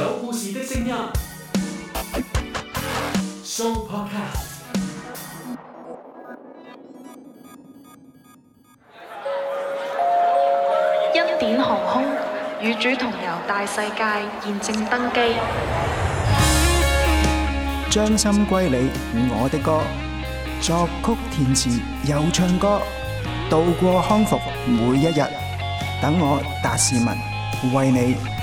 有故事的聲音 Show Podcast。恩典航空與主同遊大世界，現正登機。將心歸你，我的歌，作曲填詞又唱歌，渡過康復每一日，等我達市民，為你。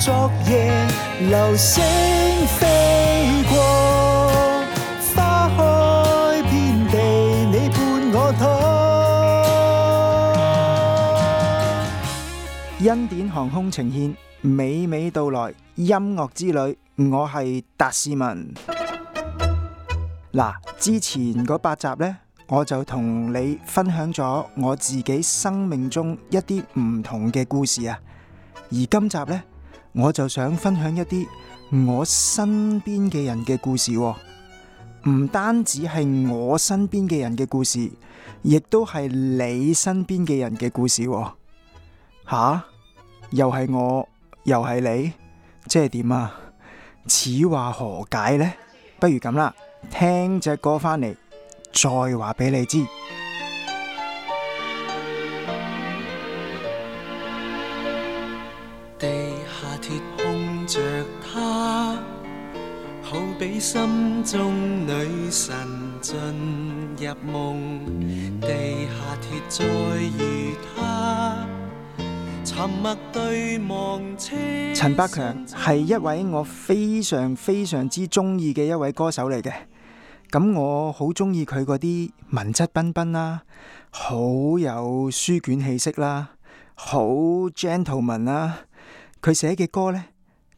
昨夜流星飛過，花開遍地，你伴我恩典航空呈現美美到來音樂之旅，我係達斯文。嗱，之前嗰八集呢，我就同你分享咗我自己生命中一啲唔同嘅故事啊，而今集呢。.我就想分享一啲我身邊嘅人嘅故事、哦、故事，唔單止係我身邊嘅人嘅故事、哦，亦都係你身邊嘅人嘅故事。吓，又係我，又係你，即係點啊？此話何解呢？不如咁啦，聽隻歌返嚟，再話俾你知。啊、好比心中女神進入夢，地下鐵再遇他，沉默對望。陳百強係一位我非常非常之中意嘅一位歌手嚟嘅。咁我好中意佢嗰啲文質彬彬啦，好有書卷氣息啦，好 gentleman 啦，佢寫嘅歌呢。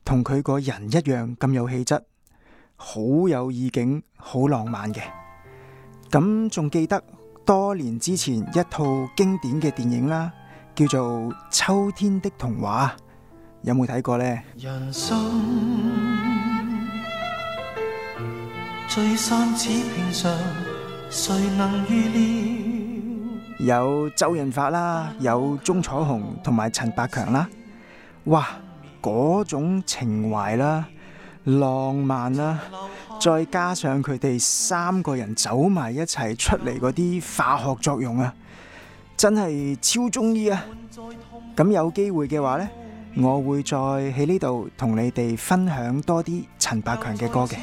同佢個人一樣咁有氣質，好有意境，好浪漫嘅。咁仲記得多年之前一套經典嘅電影啦，叫做《秋天的童話》，有冇睇過呢？「人生聚散似平常，誰能預料？有周潤發啦，有鍾楚紅同埋陳百強啦，哇！嗰種情懷啦，浪漫啦，再加上佢哋三個人走埋一齊出嚟嗰啲化學作用啊，真係超鍾意啊！咁有機會嘅話呢，我會再喺呢度同你哋分享多啲陳百強嘅歌嘅。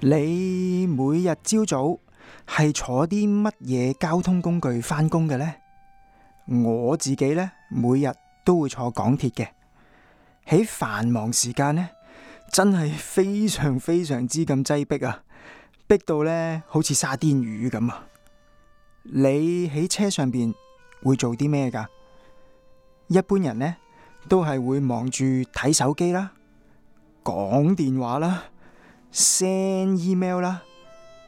你每日朝早係坐啲乜嘢交通工具返工嘅呢？我自己呢，每日都會坐港鐵嘅。喺繁忙時間呢，真係非常非常之咁擠迫啊！逼到呢好似沙甸魚咁啊！你喺車上邊會做啲咩噶？一般人呢，都係會忙住睇手機啦，講電話啦。Send email 啦，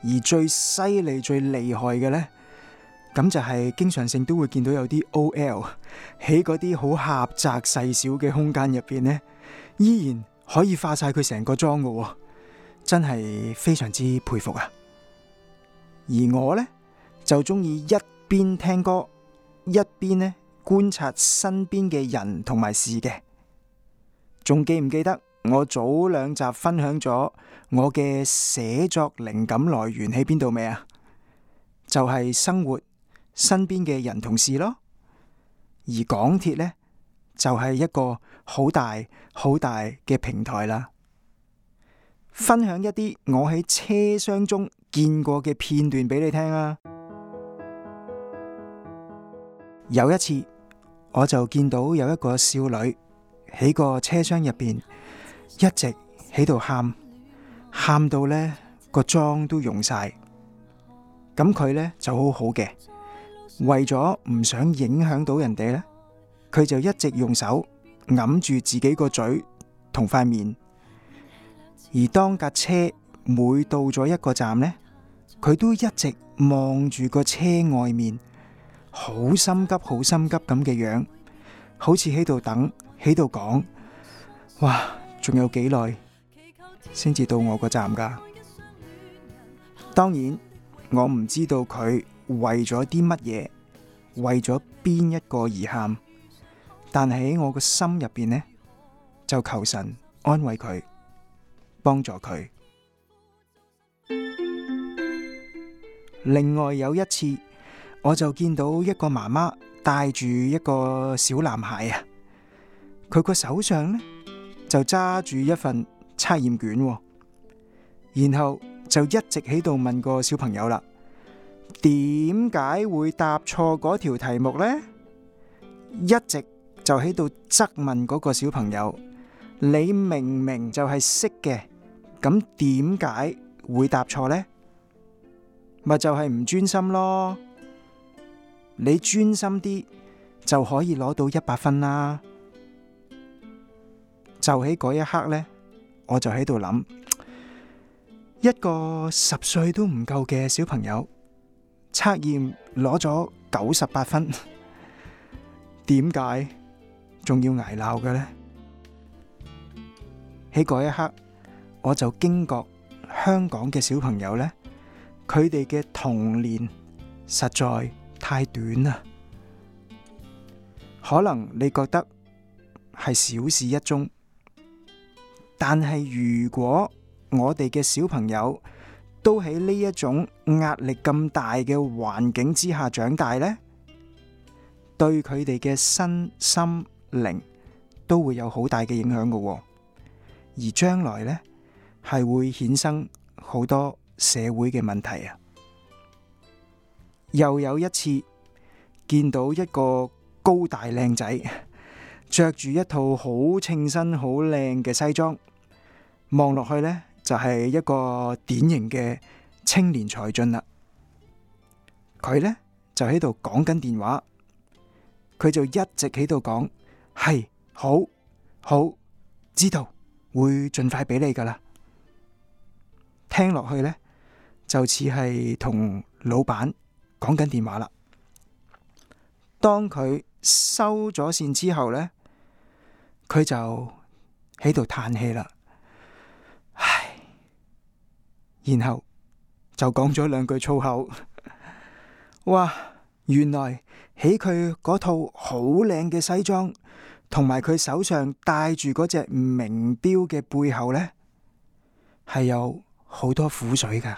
而最犀利、最厲害嘅呢，咁就係經常性都會見到有啲 OL 喺嗰啲好狹窄、細小嘅空間入邊呢，依然可以化晒佢成個妝嘅，真係非常之佩服啊！而我呢，就中意一邊聽歌，一邊呢，觀察身邊嘅人同埋事嘅，仲記唔記得？我早兩集分享咗我嘅寫作靈感來源喺邊度未啊？就係生活身邊嘅人同事咯。而港鐵呢，就係一個好大好大嘅平台啦。分享一啲我喺車廂中見過嘅片段俾你聽啊！有一次我就見到有一個少女喺個車廂入邊。一直喺度喊，喊到呢個妝都溶晒。咁佢呢就好好嘅，為咗唔想影響到人哋呢，佢就一直用手揞住自己個嘴同塊面。而當架車每到咗一個站呢，佢都一直望住個車外面，好心急，好心急咁嘅樣，好似喺度等，喺度講，哇！仲有幾耐先至到我個站㗎？當然我唔知道佢為咗啲乜嘢，為咗邊一個而喊。但喺我個心入邊呢，就求神安慰佢，幫助佢。另外有一次，我就見到一個媽媽帶住一個小男孩啊，佢個手上呢，就揸住一份測驗卷，然後就一直喺度問個小朋友啦。點解會答錯嗰條題目呢？一直就喺度質問嗰個小朋友，你明明就係識嘅，咁點解會答錯呢？咪就係唔專心咯。你專心啲就可以攞到一百分啦。就喺嗰一刻呢，我就喺度諗，一個十歲都唔夠嘅小朋友測驗攞咗九十八分，點解仲要挨鬧嘅呢？喺嗰一刻，我就驚覺香港嘅小朋友呢，佢哋嘅童年實在太短啦。可能你覺得係小事一樁。但係如果我哋嘅小朋友都喺呢一種壓力咁大嘅環境之下長大呢，對佢哋嘅身心靈都會有好大嘅影響㗎，而將來呢係會衍生好多社會嘅問題啊！又有一次見到一個高大靚仔，着住一套好稱身、好靚嘅西裝。望落去呢，就係一個典型嘅青年才俊啦。佢呢，就喺度講緊電話，佢就一直喺度講係好好知道，會盡快俾你噶啦。聽落去呢，就似係同老闆講緊電話啦。當佢收咗線之後呢，佢就喺度嘆氣啦。然後就講咗兩句粗口。哇，原來喺佢嗰套好靚嘅西裝，同埋佢手上戴住嗰隻名錶嘅背後呢，係有好多苦水噶。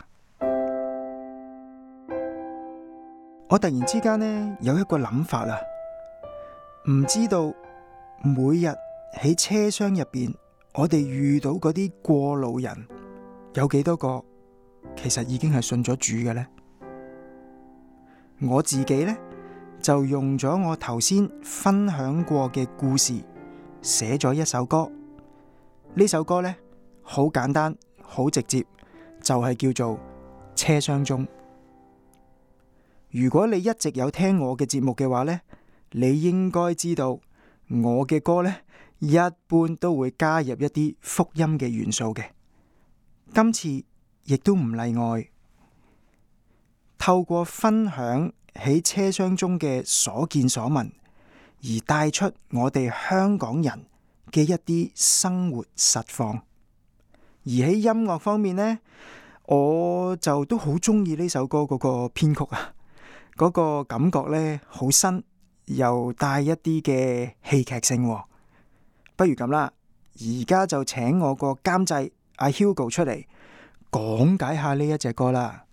我突然之間呢有一個諗法啦，唔知道每日喺車廂入邊，我哋遇到嗰啲過路人有幾多個？其實已經係信咗主嘅。呢，我自己呢，就用咗我頭先分享過嘅故事寫咗一首歌，呢首歌呢，好簡單好直接，就係、是、叫做車廂中。如果你一直有聽我嘅節目嘅話呢，你應該知道我嘅歌呢，一般都會加入一啲福音嘅元素嘅，今次。亦都唔例外，透過分享喺車廂中嘅所見所聞，而帶出我哋香港人嘅一啲生活實況。而喺音樂方面呢，我就都好中意呢首歌嗰個編曲啊，嗰個感覺呢，好新，又帶一啲嘅戲劇性。不如咁啦，而家就請我個監製阿 Hugo 出嚟。講解下呢一隻歌啦，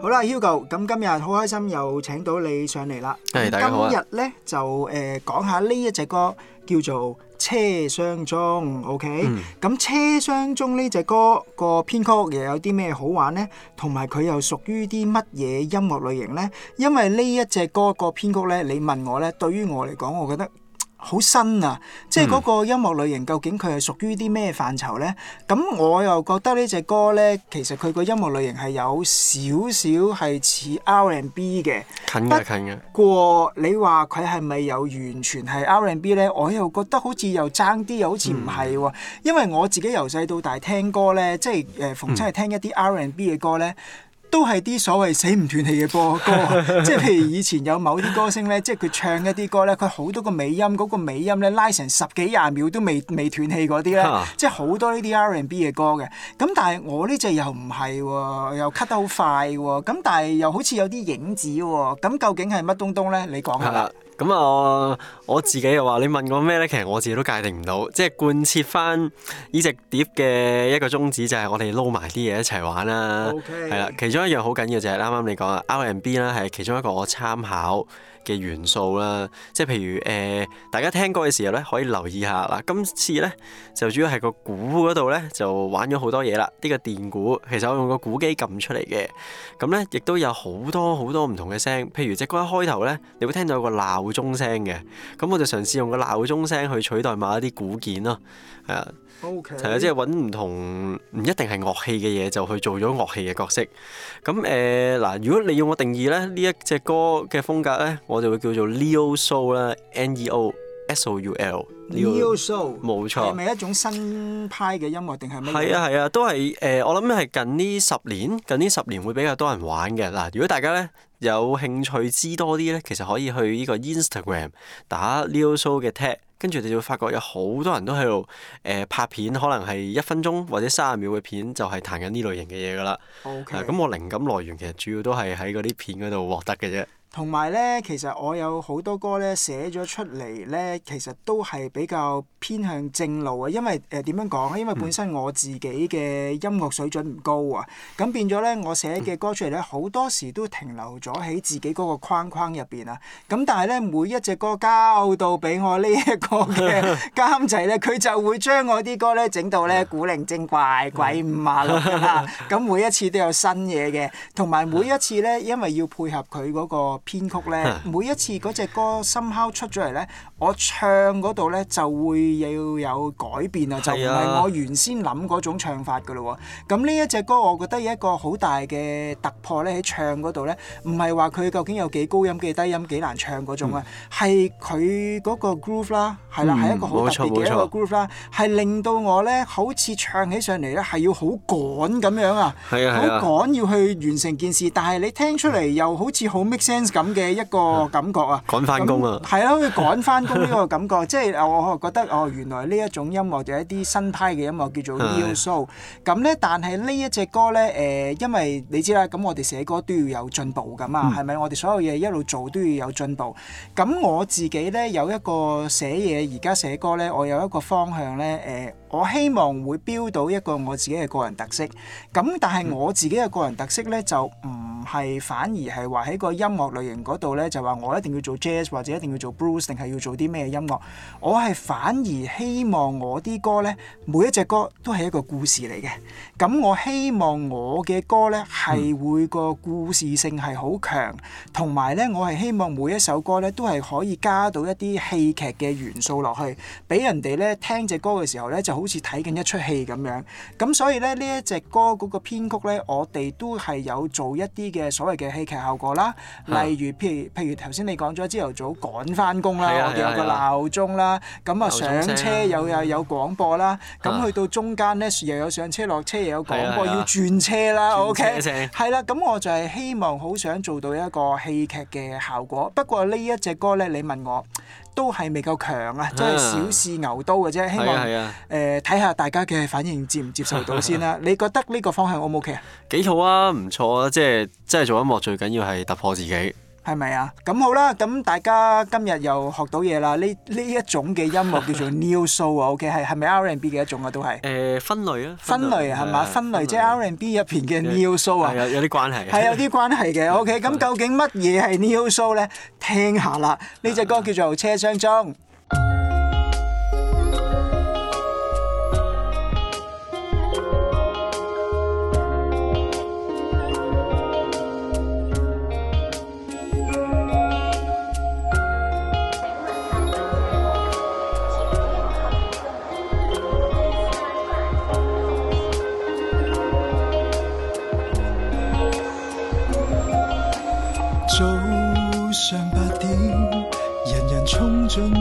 好啦，Hugo，咁今日好開心又請到你上嚟啦。今日呢，就誒講、呃、下呢一隻歌叫做《車廂中》，OK？咁、嗯《車廂中》呢隻歌個編曲又有啲咩好玩呢？同埋佢又屬於啲乜嘢音樂類型呢？因為呢一隻歌個編曲呢，你問我呢，對於我嚟講，我覺得。好新啊！即係嗰個音樂類型究竟佢係屬於啲咩範疇呢？咁、嗯、我又覺得呢隻歌呢,其實佢個音樂類型係有少少係似 R&B 嘅，近嘅，近嘅。不過你話佢係咪有完全係 R&B 呢？我又覺得好似又爭啲，又好似唔係。因為我自己由細到大聽歌呢，即係誒、呃，逢親係聽一啲 R&B 嘅歌呢。都係啲所謂死唔斷氣嘅播歌， 即係譬如以前有某啲歌星呢 即係佢唱一啲歌呢，佢好多個尾音，嗰、那個尾音呢拉成十幾廿秒都未未斷氣嗰啲呢，即係好多呢啲 R&B 嘅歌嘅。咁但係我呢隻又唔係喎，又 cut 得好快喎、哦，咁但係又好似有啲影子喎、哦。咁究竟係乜東東呢？你講下啦。 咁啊，我自己又話你問我咩咧？其實我自己都界定唔到，即係貫徹翻呢隻碟嘅一個宗旨就係、是、我哋撈埋啲嘢一齊玩啦。係、okay. 啦，其中一樣好緊要就係啱啱你講啊，R&B 啦係其中一個我參考，嘅元素啦，即係譬如誒、呃，大家聽歌嘅時候咧，可以留意一下啦。今次咧就主要係個鼓嗰度咧就玩咗好多嘢啦。呢、這個電鼓其實我用個鼓機撳出嚟嘅，咁咧亦都有好多好多唔同嘅聲音。譬如隻歌一開頭咧，你會聽到有個鬧鐘聲嘅，咁我就嘗試用個鬧鐘聲去取代某一啲古鍵咯，係啊。o 啊，即係揾唔同，唔一定係樂器嘅嘢就去做咗樂器嘅角色。咁誒嗱，如果你要我定義咧，呢一隻歌嘅風格咧。我就會叫做 Neo Soul 咧，N E O S O U L。Neo Soul 冇錯，係咪一種新派嘅音樂定係咩？係啊係啊，都係誒、呃，我諗係近呢十年，近呢十年會比較多人玩嘅嗱。如果大家咧有興趣知多啲咧，其實可以去呢個 Instagram 打 Neo Soul 嘅 tag，跟住你就會發覺有好多人都喺度誒拍片，可能係一分鐘或者三十秒嘅片，就係彈緊呢類型嘅嘢噶啦。咁、okay. 呃、我靈感來源其實主要都係喺嗰啲片嗰度獲得嘅啫。同埋咧，其實我有好多歌咧寫咗出嚟咧，其實都係比較偏向正路啊。因為誒點、呃、樣講啊？因為本身我自己嘅音樂水準唔高啊，咁變咗咧，我寫嘅歌出嚟咧，好多時都停留咗喺自己嗰個框框入邊啊。咁但係咧，每一隻歌交到俾我這呢一個嘅監製咧，佢就會將我啲歌咧整到咧 古靈精怪、鬼五馬六啊。咁每一次都有新嘢嘅，同埋每一次咧，因為要配合佢嗰、嗰個。編曲咧， 每一次嗰隻歌深敲出咗嚟咧。我唱嗰度咧就會要有改變啊，就唔係我原先諗嗰種唱法噶咯。咁呢一隻歌，我覺得有一個好大嘅突破咧，喺唱嗰度咧，唔係話佢究竟有幾高音幾低音幾難唱嗰種啊，係佢嗰個 groove 啦、嗯，係啦，係一個好特別嘅一個 groove 啦、嗯，係令到我咧好似唱起上嚟咧，係要好趕咁樣啊，好趕要去完成件事，但係你聽出嚟又好似好 make sense 咁嘅一個感覺啊，趕翻工啊，係咯，要趕翻。呢 個感覺，即係我我覺得哦，原來呢一種音樂就係一啲新派嘅音樂叫做 neo soul 咁呢，但係呢一隻歌呢，誒、呃，因為你知啦，咁我哋寫歌都要有進步噶嘛，係、uh-huh. 咪？我哋所有嘢一路做都要有進步。咁我自己呢，有一個寫嘢，而家寫歌呢，我有一個方向呢。誒、呃。我希望會標到一個我自己嘅個人特色，咁但係我自己嘅個人特色呢，嗯、就唔係，反而係話喺個音樂類型嗰度呢，就話我一定要做 jazz 或者一定要做 Bruce 定係要做啲咩音樂，我係反而希望我啲歌呢，每一隻歌都係一個故事嚟嘅，咁我希望我嘅歌呢，係會個故事性係好強，同、嗯、埋呢，我係希望每一首歌呢，都係可以加到一啲戲劇嘅元素落去，俾人哋呢聽隻歌嘅時候呢。就好似睇緊一出戲咁樣，咁所以咧呢一隻歌嗰個編曲呢，我哋都係有做一啲嘅所謂嘅戲劇效果啦。例如，譬如譬如頭先你講咗朝頭早上趕返工啦，啊、我哋有個鬧鐘啦，咁啊，啊就上車又有，有有廣播啦，咁、啊、去到中間呢，又有上車落車又有廣播、啊啊，要轉車啦。O K，係啦，咁、okay？啊、我就係希望好想做到一個戲劇嘅效果。不過呢一隻歌呢，你問我。都係未夠強啊，都係小試牛刀嘅啫、嗯。希望睇下、啊呃、大家嘅反應接唔接受到先啦。 你覺得呢個方向 O 唔 OK 啊？幾好啊，唔錯啊，即係真係做音樂最緊要係突破自己。係咪啊？咁好啦，咁大家今日又學到嘢啦。呢呢一,一種嘅音樂叫做 Neo Soul 啊，OK，係係咪 R&B 嘅一種啊？都係誒、呃，分類啊，分類係嘛？分類即係 R&B 入邊嘅 Neo Soul 啊，係啊就是、的 show 係有啲關係，係 有啲關係嘅。OK，咁 究竟乜嘢係 Neo Soul 咧？聽下啦，呢 隻歌叫做車廂中。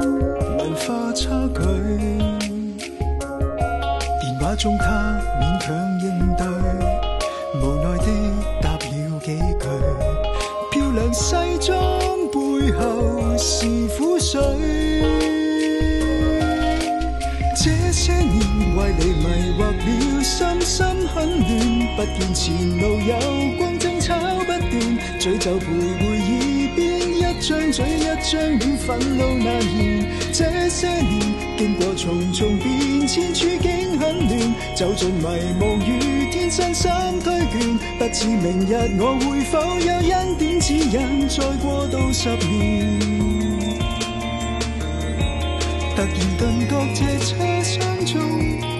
文化差距，電話中他勉強應對，無奈地答了幾句。漂亮西裝背後是苦水。這些年為你迷惑了，心心很亂，不見前路有光，爭吵不斷，醉酒徘徊。張嘴一張臉，憤怒難言。這些年，經過重重變遷，處境很亂，走進迷霧雨天，身心疲倦。不知明日我會否有恩典指引，再過到十年。突然頓覺這車廂中。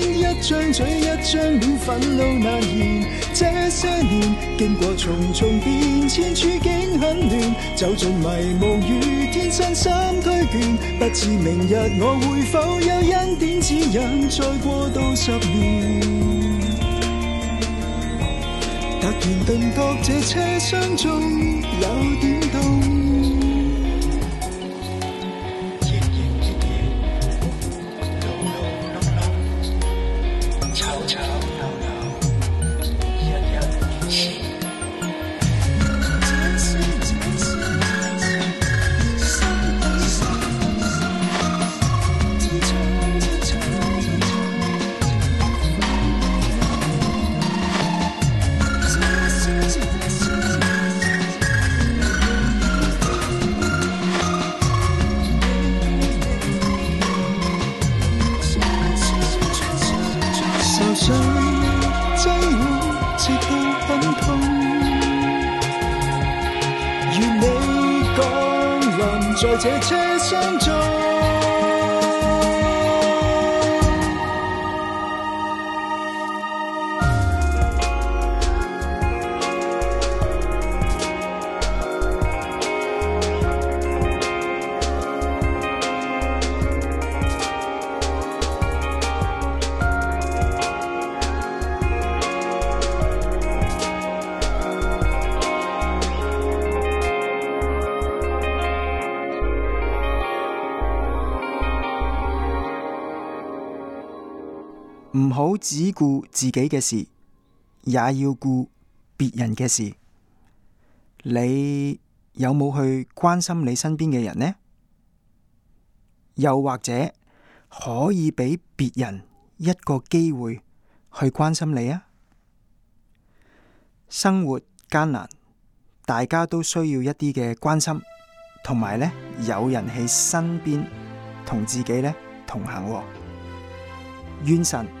張嘴一張臉，憤怒蔓延，這些年，經過重重變遷，處境很亂，走進迷霧雨天，真心推倦。不知明日我會否有恩典指引，再過到十年。突然頓覺這車廂中有點。唔好只顧自己嘅事，也要顧別人嘅事。你有冇去關心你身邊嘅人呢？又或者可以俾別人一個機會去關心你啊？生活艱難，大家都需要一啲嘅關心，同埋呢，有人喺身邊同自己呢同行。冤神。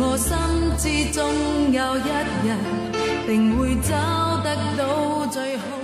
我心知，終有一日，定會找得到最好。